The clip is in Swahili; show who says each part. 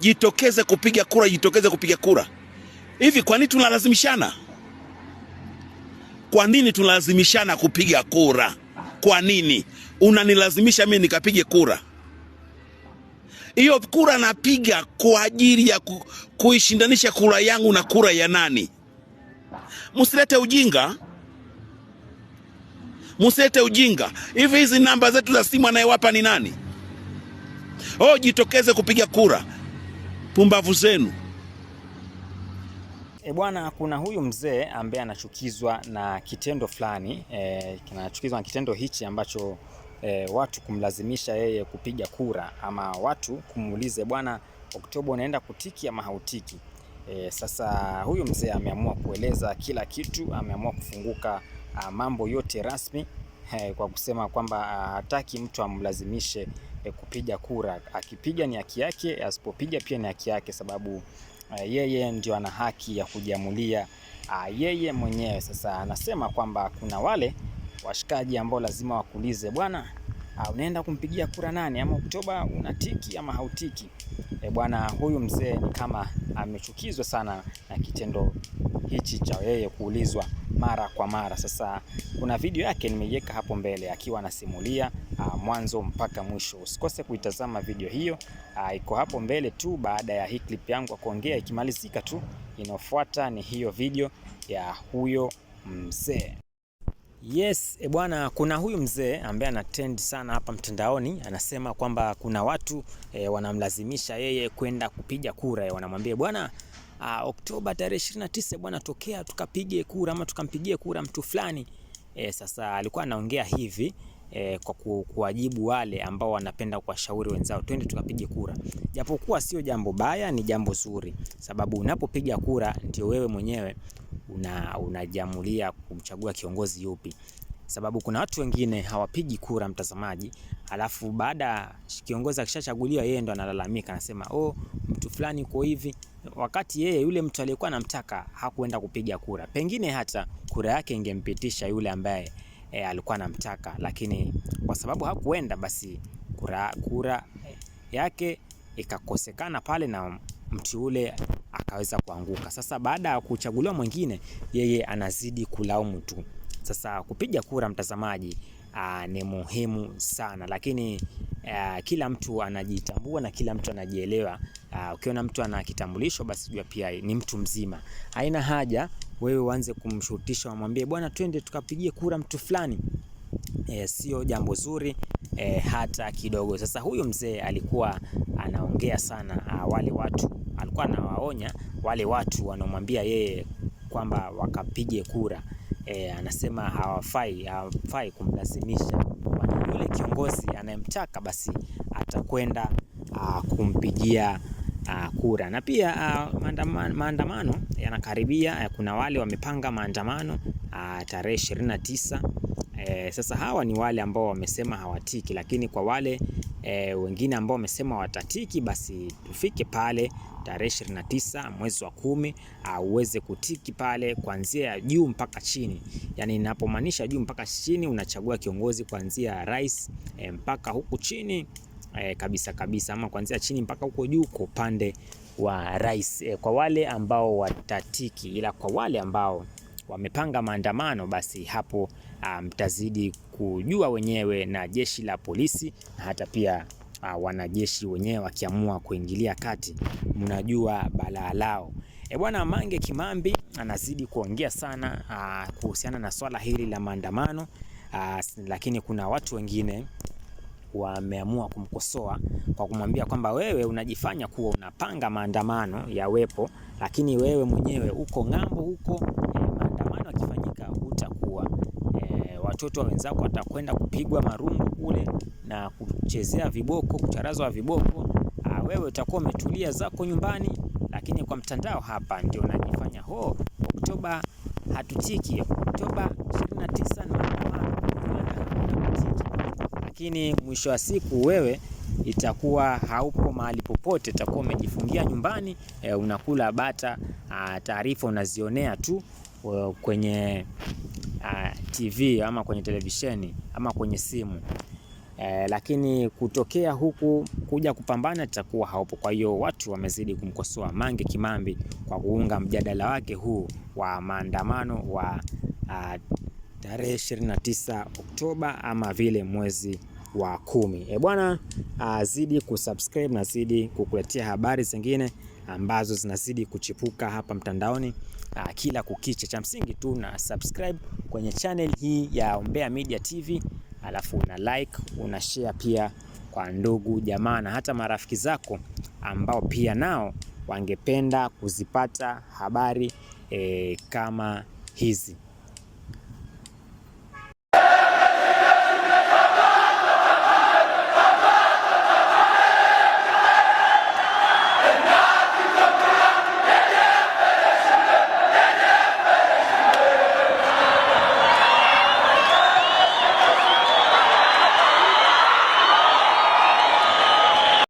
Speaker 1: jitokeze kupiga kura, jitokeze kupiga kura. Hivi kwa nini tunalazimishana? Kwa nini tunalazimishana kupiga kura? Kwa nini unanilazimisha mimi nikapige kura? Hiyo kura napiga kwa ajili ya ku, kuishindanisha kura yangu na kura ya nani? Msilete ujinga, msilete ujinga. Hivi hizi namba zetu za simu anayewapa ni nani? Oh, jitokeze kupiga kura pumbavu zenu.
Speaker 2: E bwana, kuna huyu mzee ambaye anachukizwa na kitendo fulani e, kinachukizwa na kitendo hichi ambacho e, watu kumlazimisha yeye kupiga kura ama watu kumuulize bwana, Oktoba unaenda kutiki ama hautiki? E, sasa huyu mzee ameamua kueleza kila kitu, ameamua kufunguka a, mambo yote rasmi e, kwa kusema kwamba hataki mtu amlazimishe e, kupiga kura. Akipiga ni haki yake, asipopiga pia ni haki yake, sababu e, yeye ndio ana haki ya kujiamulia a, ah, yeye mwenyewe. Sasa anasema kwamba kuna wale washikaji ambao lazima wakuulize bwana, ah, unaenda kumpigia kura nani, ama Oktoba unatiki ama hautiki. E, bwana huyu mzee ni kama amechukizwa sana na kitendo hichi cha yeye kuulizwa mara kwa mara. Sasa kuna video yake nimeiweka hapo mbele akiwa anasimulia ah, mwanzo mpaka mwisho. Usikose kuitazama video hiyo, ah, iko hapo mbele tu baada ya hii clip yangu kuongea. Ikimalizika tu, inayofuata ni hiyo video ya huyo mzee. Yes, e bwana, kuna huyu mzee ambaye anatrend sana hapa mtandaoni, anasema kwamba kuna watu e, wanamlazimisha yeye kwenda kupiga kura. E, wanamwambia bwana uh, Oktoba tarehe 29 bwana, tokea tukapige kura ama tukampigie kura mtu fulani. E, sasa alikuwa anaongea hivi e, kwa kuwajibu wale ambao wanapenda kuwashauri wenzao twende tukapige kura, japokuwa sio jambo baya, ni jambo zuri, sababu unapopiga kura ndio wewe mwenyewe unajamulia una kumchagua kiongozi yupi sababu kuna watu wengine hawapigi kura mtazamaji, alafu baada kiongozi akishachaguliwa yeye ndo analalamika, anasema oh, mtu fulani kwa hivi, wakati yeye yule mtu aliyekuwa anamtaka hakuenda kupiga kura, pengine hata kura yake ingempitisha yule ambaye e, alikuwa anamtaka, lakini kwa sababu hakuenda, basi kura, kura eh, yake ikakosekana pale na mtu ule akaweza kuanguka. Sasa baada ya kuchaguliwa mwingine, yeye anazidi kulaumu tu. Sasa kupiga kura, mtazamaji, uh, ni muhimu sana, lakini uh, kila mtu anajitambua na kila mtu anajielewa. Uh, ukiona mtu ana kitambulisho basi jua pia ni mtu mzima. Haina haja wewe uanze kumshurutisha, wamwambie bwana, twende tukapigie kura mtu fulani. E, sio jambo zuri e, hata kidogo. Sasa huyu mzee alikuwa anaongea sana, wale watu alikuwa anawaonya wale watu wanaomwambia yeye kwamba wakapige kura e, anasema hawafai, hawafai kumlazimisha, kwani yule kiongozi anayemtaka basi atakwenda ah, kumpigia a, ah, kura. Na pia ah, maandamano yanakaribia, eh, kuna wale wamepanga maandamano tarehe 29. na tisa. E, sasa hawa ni wale ambao wamesema hawatiki, lakini kwa wale e, wengine ambao wamesema watatiki, basi tufike pale tarehe 29 mwezi wa kumi uweze kutiki pale kuanzia juu mpaka chini. Yani inapomaanisha juu mpaka chini, unachagua kiongozi kuanzia rais e, mpaka huku chini e, kabisa kabisa, ama kuanzia chini mpaka huko juu kwa upande wa rais e, kwa wale ambao watatiki, ila kwa wale ambao wamepanga maandamano basi hapo mtazidi um, kujua wenyewe na jeshi la polisi na hata pia uh, wanajeshi wenyewe wakiamua kuingilia kati, mnajua balaa lao. E bwana, Mange Kimambi anazidi kuongea sana uh, kuhusiana na swala hili la maandamano uh, lakini kuna watu wengine wameamua kumkosoa kwa kumwambia kwamba wewe unajifanya kuwa unapanga maandamano yawepo, lakini wewe mwenyewe uko ng'ambo huko, eh, maandamano yakifanyika hutakuwa watoto wenzako watakwenda kupigwa marungu kule na kuchezea viboko, kucharazwa viboko. A, ah, wewe utakuwa umetulia zako nyumbani, lakini kwa mtandao hapa ndio unajifanya ho. Oktoba hatutiki, Oktoba 29 ni lakini mwisho wa siku wewe itakuwa haupo mahali popote, itakuwa umejifungia nyumbani e, unakula bata. Ah, taarifa unazionea tu eh, kwenye TV ama kwenye televisheni ama kwenye simu e, lakini kutokea huku kuja kupambana itakuwa haupo. Kwa hiyo watu wamezidi kumkosoa Mange Kimambi kwa kuunga mjadala wake huu wa maandamano wa ah, tarehe 29 Oktoba ama vile mwezi wa kumi. E bwana, ah, zidi kusubscribe na zidi kukuletea habari zingine ambazo zinazidi kuchipuka hapa mtandaoni uh, kila kukicha. Cha msingi tu na subscribe kwenye channel hii ya Umbea Media TV, alafu una like, una share pia kwa ndugu jamaa na hata marafiki zako ambao pia nao wangependa kuzipata habari e, kama hizi.